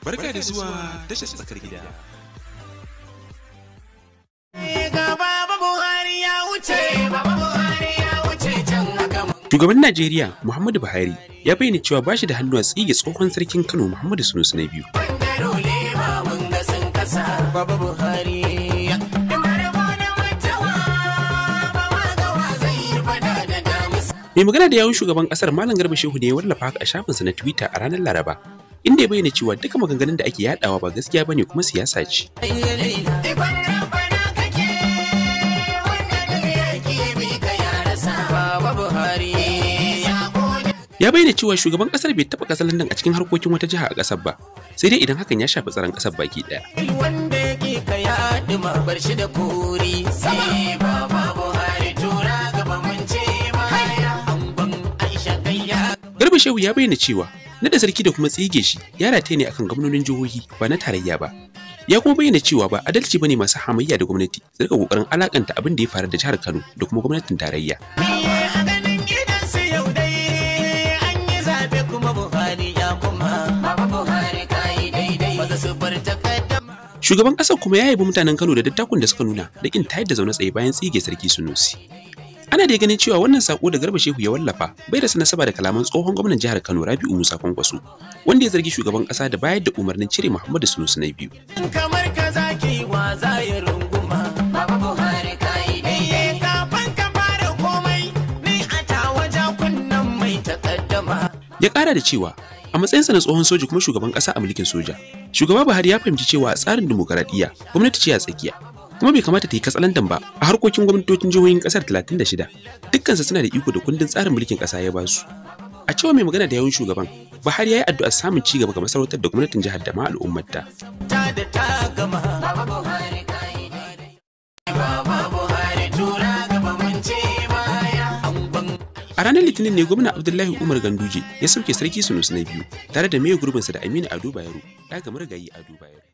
Barka da zuwa tashar tsakar gida. Shugaban Najeriya Muhammadu Buhari ya bayyana cewa ba shi da hannu a tsige tsohon sarkin Kano Muhammadu Sunusu na biyu. Mai magana da yawun shugaban kasar Malam Garba Shehu ne ya wallafa haka a shafinsa na Twitter a ranar Laraba inda ya bayyana cewa duka maganganun da ake yadawa ba gaskiya bane kuma siyasa ce. ya bayyana cewa shugaban kasar bai taɓa kasar London a cikin harkokin wata jiha a kasar ba sai dai idan hakan ya shafi tsaron kasar baki daya Garba Shehu ya bayyana cewa Nada sarki da kuma tsige shi ya rataye ne akan gwamnonin jihohi ba na tarayya ba. Ya kuma bayyana cewa ba adalci bane masu hamayya da gwamnati su rika kokarin alakanta abin da ya faru da jihar Kano da kuma gwamnatin tarayya. Shugaban ƙasar kuma ya yabi mutanen Kano da dattakun da suka nuna da kin tayar da zaune tsaye bayan tsige sarki Sunusi. Ana da ganin cewa wannan sako da Garba Shehu ya wallafa bai da nasaba da kalaman tsohon gwamnan jihar Kano Rabi'u Musa Kwankwaso wanda ya zargi shugaban kasa da bayar da umarnin cire Muhammadu Sunusu na biyu. Kamar ka wa runguma Buhari eh, mai takaddama. Ya kara da cewa a matsayinsa na tsohon soja kuma shugaban kasa a mulkin soja. Shugaba Buhari ya fahimci cewa tsarin dimokuraɗiyya gwamnati ce a tsakiya kuma bai kamata ta yi katsalandan ba a harkokin gwamnatocin jihohin kasar 36 su suna da iko da kundin tsarin mulkin kasa ya ba su a cewa mai magana da yawun shugaban Buhari ya yi addu'ar samun ci gaba ga masarautar da gwamnatin jihar da ma ta A ranar Litinin ne gwamna Abdullahi Umar Ganduje ya sauke sarki Sunus na biyu tare da mai gurbinsa da Aminu Ado Bayero, ɗaga murgayi Ado Bayero.